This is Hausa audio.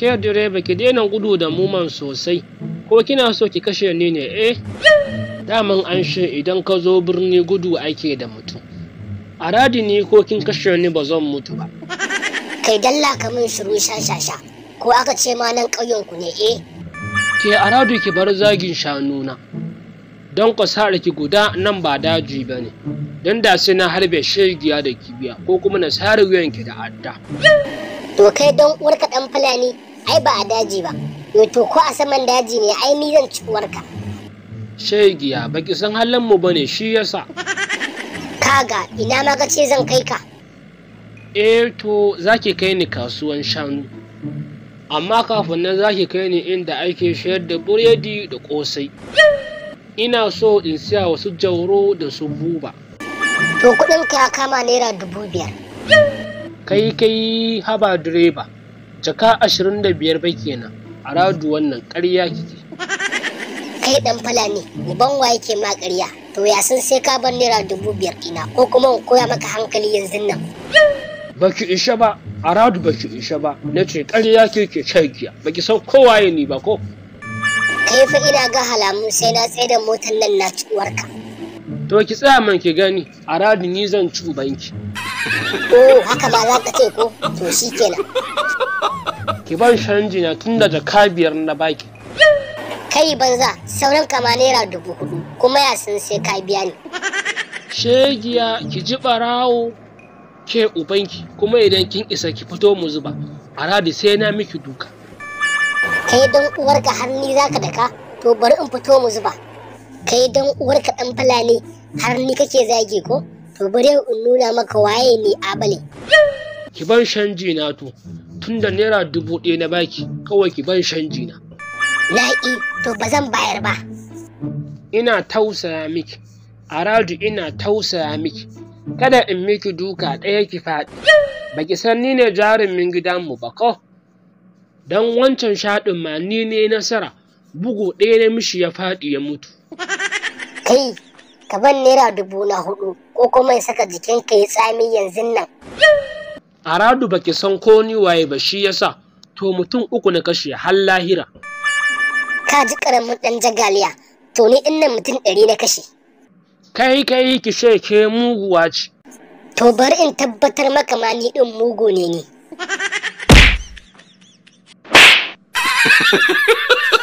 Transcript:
ke direba ki daina gudu da muman sosai ko kina so ki kashe ni ne eh daman an shi idan ka zo birni gudu ake da mutum a ni ko kin kashe ni ba zan mutu ba kai dalla ka min shiru shashasha. ko aka ce ma nan ƙauyen ku ne eh ke a radu ki bar zagin shanuna don ku sa ki guda nan ba daji ba ne don da sai na harbe shegiya da kibiya ko kuma na sare wuyanki da adda to kai don uwarka dan fulani ai ba a daji ba to ko a saman daji ne ai ni zan ci uwarka shegiya baki san halin mu bane shi yasa kaga ina ma ka ce zan kai ka eh to zaki kai ni kasuwan shanu amma kafin nan zaki kai ni inda ake shayar da buredi da kosai ina so in siya wasu jauro da su buba to kudin ka kama naira dubu biyar kai kai haba direba jaka ashirin da biyar ba kenan a radu wannan ƙarya kike kai dan ne uban wa yake ma ƙarya to ya san sai ka bar naira dubu biyar ɗina ko kuma in koya maka hankali yanzu nan baki isha ba a radu baki isha ba na ce ƙarya kike giya baki san kowaye ni ba ko kai fa ina ga halamu sai na tsaye da motar nan na warka. to ki tsaya man ki gani a radu ni zan ci banki. oh haka ma za ka ce ko to shikenan ki ban canji na tun da jaka biyar na baki kai banza sauran kama naira dubu hudu kuma ya sun sai ka biya ni shegiya ki ji barawo ke ubanki kuma idan kin isa ki fito mu zuba a radi sai na miki duka kai don uwarka har ni zaka daka to bari in fito mu zuba kai don uwarka dan fulani har ni kake zage ko to bari in nuna maka waye ne abale ki ban shanji na to tun da naira dubu ɗaya na baki kawai ki ban shanji na. La'i to ba zan bayar ba. Ina tausaya miki, aradu ina tausaya miki, kada in miki duka ɗaya ki faɗi. Baki san ni ne jarumin gidanmu ba ko? Don wancan shaɗin ma ni ne nasara, bugu ɗaya na mishi ya faɗi ya mutu. Kai, ka ban naira dubu na hudu ko kuma saka jikinka ya tsami yanzu nan. aradu baki san ko ni waye ba shi yasa to mutum uku na kashe har lahira ka ji karamin dan jagaliya to ni din nan mutum ɗari na kashe kai kai ki ke muguwa ce to bari in tabbatar maka ma ni din mugu ne ni